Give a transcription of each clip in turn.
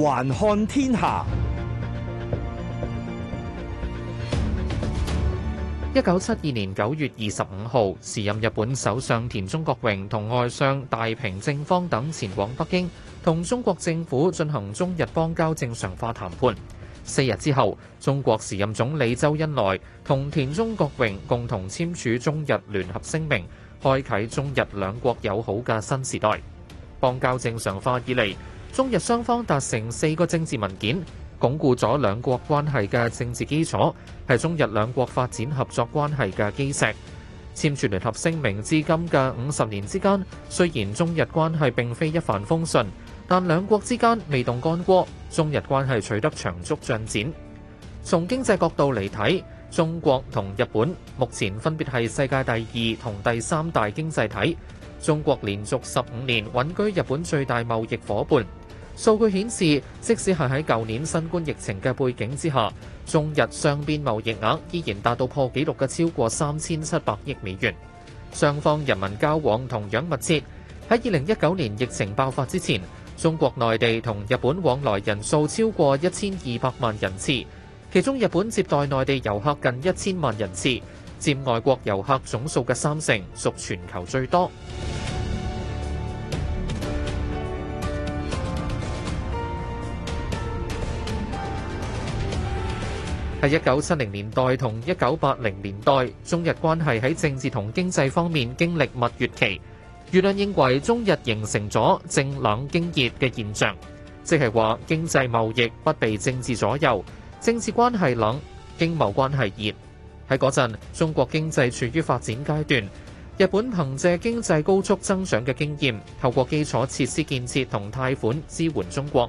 環看天下。一九七二年九月二十五號，時任日本首相田中角榮同外相大平正芳等前往北京，同中國政府進行中日邦交正常化談判。四日之後，中國時任總理周恩來同田中角榮共同簽署中日聯合聲明，開啓中日兩國友好嘅新時代。邦交正常化以來，中日雙方達成四個政治文件，鞏固咗兩國關係嘅政治基礎，係中日兩國發展合作關係嘅基石。簽署聯合聲明至今嘅五十年之間，雖然中日關係並非一帆風順，但兩國之間未動干戈，中日關係取得長足進展。從經濟角度嚟睇，中國同日本目前分別係世界第二同第三大經濟體。中國連續十五年穩居日本最大貿易夥伴。數據顯示，即使係喺舊年新冠疫情嘅背景之下，中日雙邊貿易額依然達到破紀錄嘅超過三千七百億美元。雙方人民交往同樣密切。喺二零一九年疫情爆發之前，中國內地同日本往來人數超過一千二百萬人次，其中日本接待內地遊客近一千萬人次。佔外國遊客總數嘅三成，屬全球最多。喺一九七零年代同一九八零年代，中日關係喺政治同經濟方面經歷蜜月期。輿論認為，中日形成咗政冷經熱嘅現象，即係話經濟貿易不被政治左右，政治關係冷，經貿關係熱。喺嗰陣，中國經濟處於發展階段，日本憑藉經濟高速增長嘅經驗，透過基礎設施建設同貸款支援中國。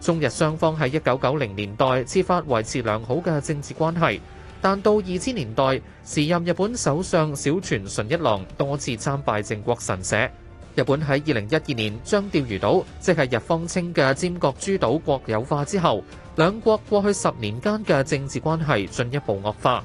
中日雙方喺一九九零年代設法維持良好嘅政治關係，但到二千年代，時任日本首相小泉純一郎多次參拜靖國神社。日本喺二零一二年將釣魚島，即係日方稱嘅尖閣諸島國有化之後，兩國過去十年間嘅政治關係進一步惡化。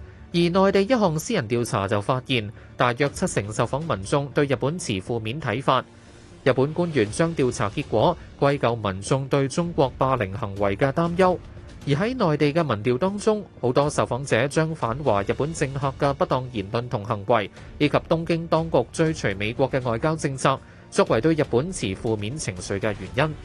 而內地一項私人調查就發現，大約七成受訪民眾對日本持負面睇法。日本官員將調查結果歸咎民眾對中國霸凌行為嘅擔憂。而喺內地嘅民調當中，好多受訪者將反華日本政客嘅不當言論同行為，以及東京當局追隨美國嘅外交政策，作為對日本持負面情緒嘅原因。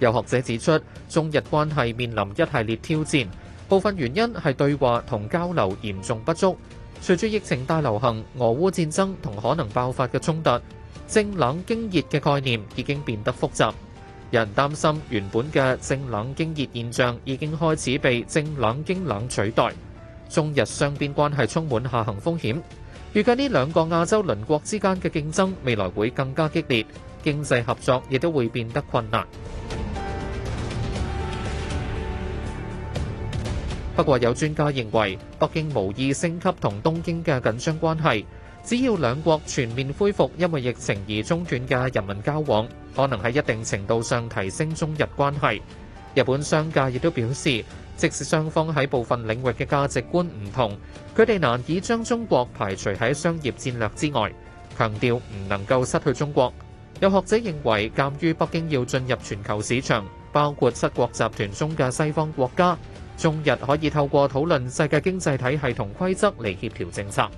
有學者指出，中日關係面臨一系列挑戰。部分原因係對話同交流嚴重不足。隨住疫情大流行、俄烏戰爭同可能爆發嘅衝突，政冷經熱嘅概念已經變得複雜。有人擔心原本嘅政冷經熱現象已經開始被政冷經冷取代。中日雙邊關係充滿下行風險。預計呢兩個亞洲鄰國之間嘅競爭未來會更加激烈，經濟合作亦都會變得困難。不過有專家認為北京無意升級同東京嘅緊張關係只要兩國全面恢復因為疫情而中斷嘅人民交往可能喺一定程度上提升中日關係日本商家亦都表示即使雙方喺部分領域嘅價值觀唔同佢哋難以將中國排除喺商業戰略之外強調唔能夠失去中國有學者認為鑒於北京要進入全球市場包括七國集團中嘅西方國家中日可以透過討論世界經濟體系同規則嚟協調政策。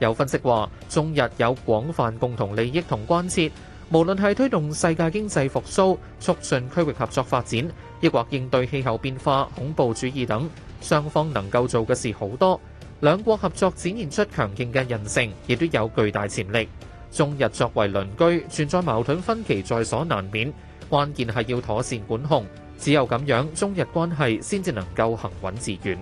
有分析話，中日有廣泛共同利益同關切，無論係推動世界經濟復甦、促進區域合作發展，抑或應對氣候變化、恐怖主義等，雙方能夠做嘅事好多。兩國合作展現出強勁嘅韌性，亦都有巨大潛力。中日作為鄰居，存在矛盾分歧在所難免，關鍵係要妥善管控。只有咁樣，中日關係先至能夠行穩致遠。